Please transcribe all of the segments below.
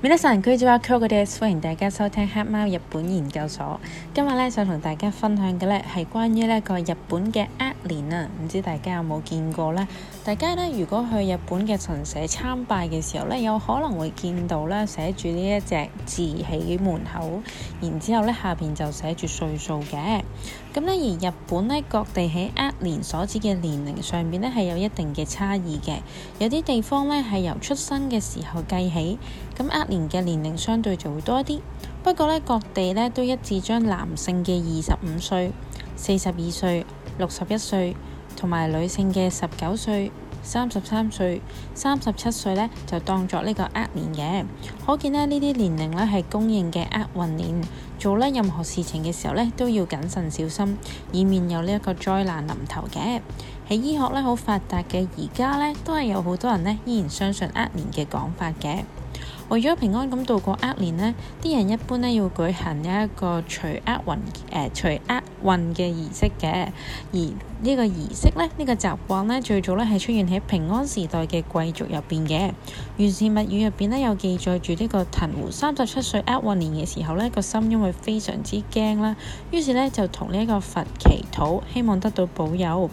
每週三、週四或週五嘅 days，歡迎大家收聽黑貓日本研究所。今日咧想同大家分享嘅咧係關於呢個日本嘅年啊，唔知大家有冇見過呢？大家呢，如果去日本嘅神社參拜嘅時候呢，有可能會見到呢寫住呢一隻字喺門口，然之後呢下邊就寫住歲數嘅。咁呢，而日本呢，各地喺厄年所指嘅年齡上邊呢，係有一定嘅差異嘅。有啲地方呢，係由出生嘅時候計起，咁厄年嘅年齡相對就會多啲。不過呢，各地呢，都一致將男性嘅二十五歲、四十二歲、六十一歲同埋女性嘅十九歲、三十三歲、三十七歲呢，就當作呢個厄年嘅。可見呢，呢啲年齡呢，係公認嘅厄運年。做呢任何事情嘅時候呢，都要謹慎小心，以免有呢一個災難臨頭嘅。喺醫學呢，好發達嘅，而家呢，都係有好多人呢，依然相信厄年嘅講法嘅。為咗平安咁度過厄年呢，啲人一般呢，要舉行一個除厄運誒除厄。呃運嘅儀式嘅，而呢個儀式呢，呢、呢個習慣呢，最早呢係出現喺平安時代嘅貴族入邊嘅。《源氏物語》入邊呢，有記載住呢個藤壺三十七歲厄運年嘅時候呢個心因為非常之驚啦，於是呢，就同呢一個佛祈禱，希望得到保佑。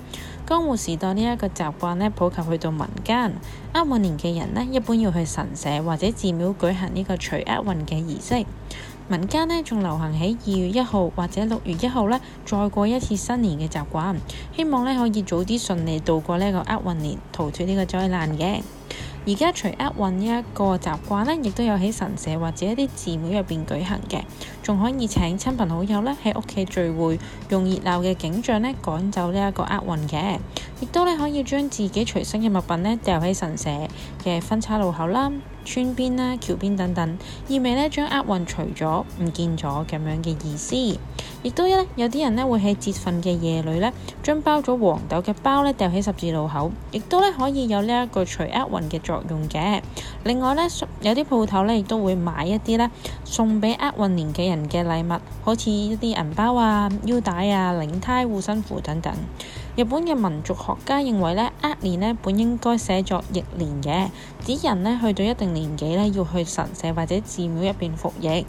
江戶時代呢一個習慣呢，普及去到民間，厄運年嘅人呢，一般要去神社或者寺廟舉行呢個除厄運嘅儀式。民間呢仲流行喺二月一號或者六月一號呢，再過一次新年嘅習慣，希望呢可以早啲順利度過呢個厄運年，逃脫呢個災難嘅。而家除厄運呢一個習慣呢，亦都有喺神社或者一啲寺廟入邊舉行嘅，仲可以請親朋好友呢喺屋企聚會，用熱鬧嘅景象呢趕走呢一個厄運嘅。亦都咧可以將自己隨身嘅物品咧掉喺神社嘅分岔路口啦、村邊啦、橋邊等等，意味咧將厄運除咗、唔見咗咁樣嘅意思。亦都咧有啲人咧會喺節分嘅夜裏咧將包咗黃豆嘅包咧掉喺十字路口，亦都咧可以有呢一個除厄運嘅作用嘅。另外咧，有啲鋪頭咧亦都會買一啲咧送俾厄運年嘅人嘅禮物，好似一啲銀包啊、腰帶啊、領呔護身符等等。日本嘅民族學家認為呢，厄年呢本應該寫作役年嘅，指人呢去到一定年紀呢要去神社或者寺廟入邊服役。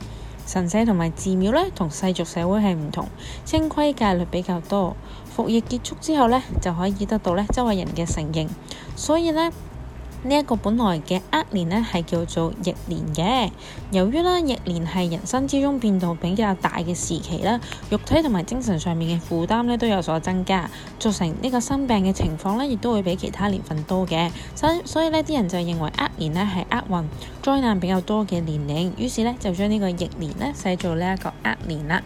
神社同埋寺廟呢，同世俗社會係唔同，清規戒律比較多。服役結束之後呢，就可以得到呢周圍人嘅承認，所以呢。呢一個本來嘅厄年呢，係叫做逆年嘅。由於呢，逆年係人生之中變動比較大嘅時期啦，肉體同埋精神上面嘅負擔呢都有所增加，造成呢個生病嘅情況呢，亦都會比其他年份多嘅。所以所以呢啲人就認為厄年呢係厄運、災難比較多嘅年齡，於是呢，就將呢個逆年呢，寫做呢一個厄年啦。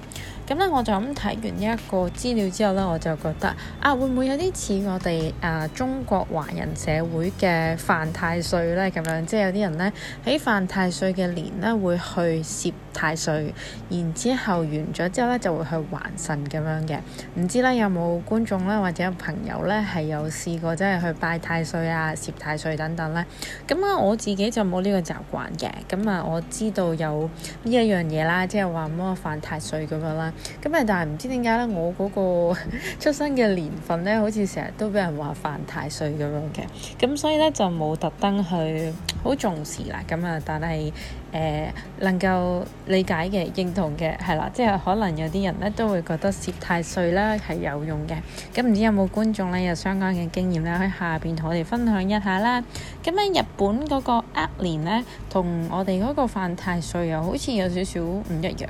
咁咧，我就咁睇完呢一個資料之後咧，我就覺得啊，會唔會有啲似我哋啊、呃、中國華人社會嘅犯太歲咧咁樣？即係有啲人咧喺犯太歲嘅年咧，會去攝太歲，然之後完咗之後咧，就會去還神咁樣嘅。唔知咧有冇觀眾咧或者有朋友咧係有試過即係去拜太歲啊、攝太歲等等咧？咁啊，我自己就冇呢個習慣嘅。咁啊，我知道有呢一樣嘢啦，即係話唔好犯太歲咁樣啦。咁啊，但係唔知點解咧，我嗰個出生嘅年份咧，好似成日都俾人話犯太歲咁樣嘅，咁所以咧就冇特登去好重視啦。咁啊，但係誒能夠理解嘅、認同嘅係啦，即係可能有啲人咧都會覺得攝太歲啦係有用嘅。咁唔知有冇觀眾咧有相關嘅經驗咧，喺下邊同我哋分享一下啦。咁咧日本嗰個厄年咧，同我哋嗰個犯太歲又好似有少少唔一樣。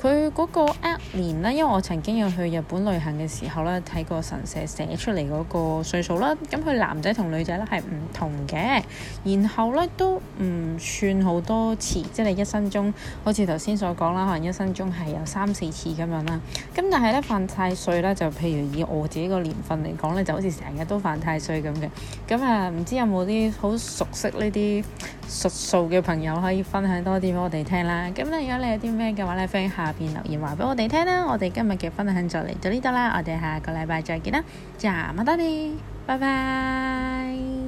佢嗰個厄年啦，因為我曾經有去日本旅行嘅時候咧，睇過神社寫出嚟嗰個歲數啦。咁佢男仔同女仔咧係唔同嘅，然後咧都唔算好多次，即係一生中，好似頭先所講啦，可能一生中係有三四次咁樣啦。咁但係咧犯太歲咧，就譬如以我自己個年份嚟講咧，就好似成日都犯太歲咁嘅。咁啊，唔知有冇啲好熟悉呢啲？熟數嘅朋友可以分享多啲畀我哋聽啦，咁咧如果你有啲咩嘅話咧，歡迎下邊留言話畀我哋聽啦，我哋今日嘅分享就嚟到呢度啦，我哋下個禮拜再見啦，咋亞唔該你，拜拜。